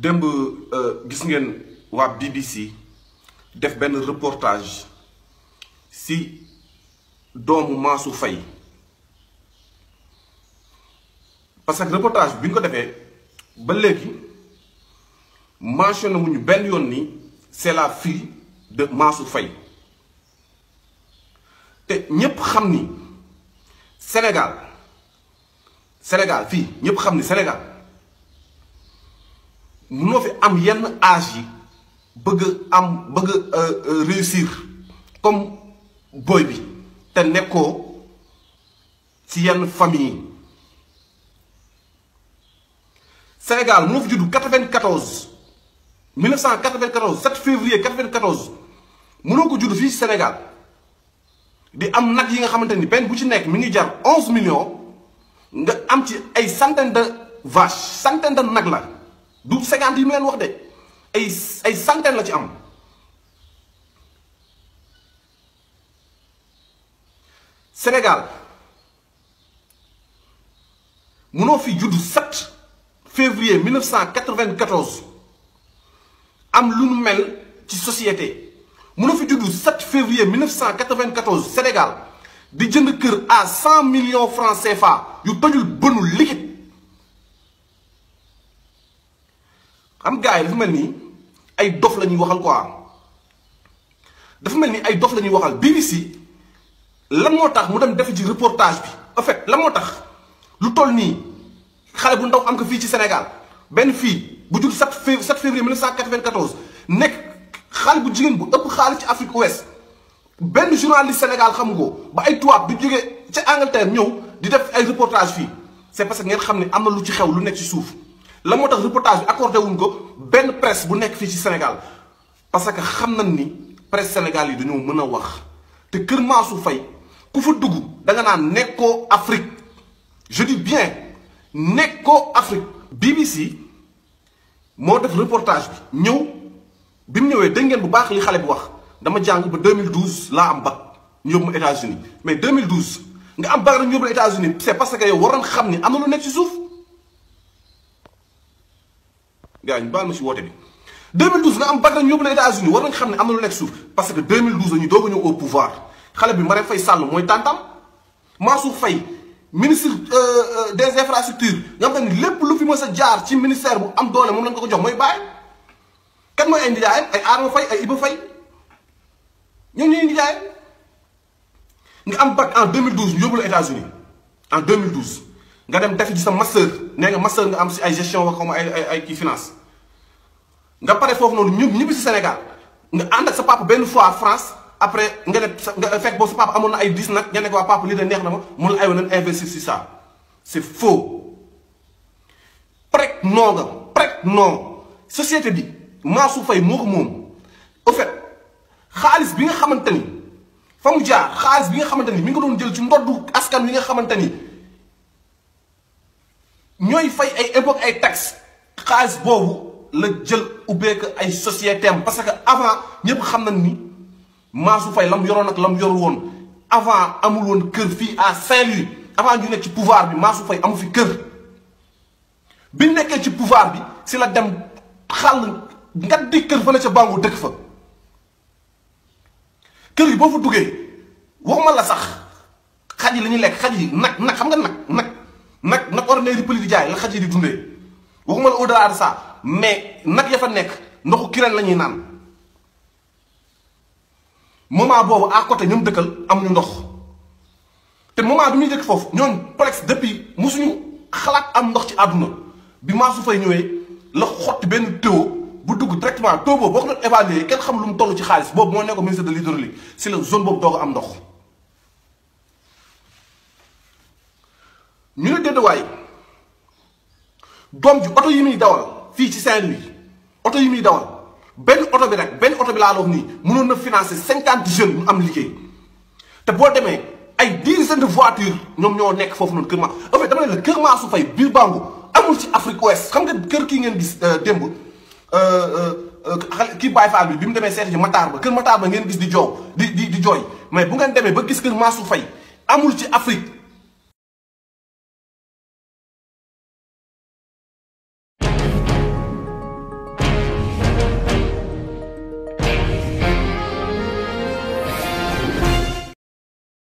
démb euh, gis ngeen waa BBC def benn reportage si doomu Mansour fay parce que reportage bi ñu ko defee ba léegi mentionné wuñu benn yoon ni c'est la fille de Mansour fay te ñépp xam ni Sénégal Sénégal fii ñépp xam ni Sénégal mënoo fi am yenn âge yi bëgg am bëgg euh, euh, réussir comme boy bi te nekkoo ci yenn famille yi Sénégal mënoo fi juddu 94 1994 7 février 94 mënoo ko juddu fii Sénégal di am nag yi nga xamante ni benn bu ci nekk mi ngi jar 11 millions nga am ci ay centaine de vaches centaine de nag la. du cinquante yi mu leen wax de ay ay centaine la ci am Sénégal munoo fi juddu 7 février 1994 am lu nu mel ci société munoo fi juddu 7 février 1994 Sénégal di jënd kër à 100 millions francs CFA yu tojul bënu liquide. xam gars yi dafa mel nii ay dof la ñuy waxal am dafa mel ni ay dof la ñuy waxal si lan moo tax mu dem def ci reportage bi en fait lan moo tax lu toll nii xale bu ndaw am ko fii ci Sénégal benn fii bu jur 7 fév 7 février 1994 nekk xale bu jigéen bu ëpp xaalis ci Afrique ouest benn journaliste Sénégal xamu ko ba ay tubaab bi jógee ca Angleterre ñëw di def ay reportage fii c'est parce que ngeen xam ne am na lu ci xew lu nekk ci suuf. la moo tax reportage bi accordé wuñ ko benn presse bu nekk fii ci Sénégal parce que xam nañ ni presse Sénégal yi dañoo mën a wax te Kër Mansour fay ku fa dugg danga nga naan nekkoo Afrique je dis bien nekkoo Afrique. BBC moo def reportage bi ñëw bi mu ñëwee dégg ngeen bu baax li xale bu wax dama jàng ba 2012 laa am bac ñu yóbbu ma États-Unis mais 2012 nga am bac rek ñu yóbbu la États-Unis parce que yow waroon xam ni am na lu nekk ci suuf. gars ñu baal ma si woote bi 2012 nga am Badara ñu yóbbu la États-Unis war nañ xam ne am na lu nekk suuf parce que 2012 la ñu doog a ñëw au pouvoir xale bi ma Marème Faye Sall mooy tàntam Mansour Faye ministre euh, euh, des infrastructures nga xam ne lépp lu fi mës a jaar ci ministère bu am doole moom lañ ko ko jox mooy bàyyi. kan mooy ay ndijaayam ay Adama Faye ay Iba Faye ñooñu ñooy ndijaayam nga am bac en 2012 ñu yóbbu la États-Unis en nga dem defi ci sa master nee nga master nga am si ay gestion wa comme ay ay kii finance nga pare foofu noonu ñu ñibbi si Sénégal nga ànd ak sa papa benn fois France après nga ne nga fekk boobu sa papa amoon na ay dix nag nga ne ko waa papa lii de neex na ma mun la aywa nañ investir si ça c'est faux prêt non nga prêt société bi Mansour Faye moo ko moom au fait xaalis bi nga xamante ni fa mu jaar xaalis bi nga xamante ni mi nga doon jël ci ndoddu askan wi nga xamante ni. ñooy fay ay époque ay taxes xaalis boobu la jël ubbeeku ay société am parce que avant ñëpp xam nañ ni Mansour Faye lam yoroon ak lam yoru woon avant amul woon kër fii à Saint-Louis avant yu nekk ci pouvoir bi Mansour Faye amu fi kër bi nekkee ci pouvoir bi si la dem xal nga di kër fa la ca Bango dëkk fa kër yi boo fa duggee waxuma la sax xaj yi la lekk xaj yi nag nag xam nga nag. war lay di pëli di jaay la xaj yi di dundee waxuma la au delà de mais nag ya fa nekk ndoxu kireen la ñuy naan moment boobu à côté ñoom dëkkal am amuñu ndox te moment bi muy dëkk foofu ñooñu Plex depuis mosuñu xalaat am ndox ci àdduna bi Mansour fay ñëwee la xotti benn tuyau bu dugg directement tuyau boobu wax ko doon évaluer kenn xam lu mu toll ci xaalis boobu moo nekk ministre de l'hydraulique si la zone boobu doog am ndox ñu ne déedéewaay. doom ji oto yi muy dawal fii ci Saint-Louis oto yi muy dawal benn oto bi rek benn oto bi laa la wax nii mënoon na financer cinquante jeunes ñu am liggéey te boo demee ay dizaine de voitures ñoom ñoo nekk foofu noonu Kër Ma en fait dama ne la Kër Mansour Faye biir Bango amul ci Afrique Ouest xam nga kër kii ngeen gis euh, démb euh, euh, kii Baye Fall bi bi mu demee seeti ji Matar ba kër Matar ba ngeen gis di joow di di di jooy mais bu ngeen demee ba gis Kër Mansour fay amul ci Afrique.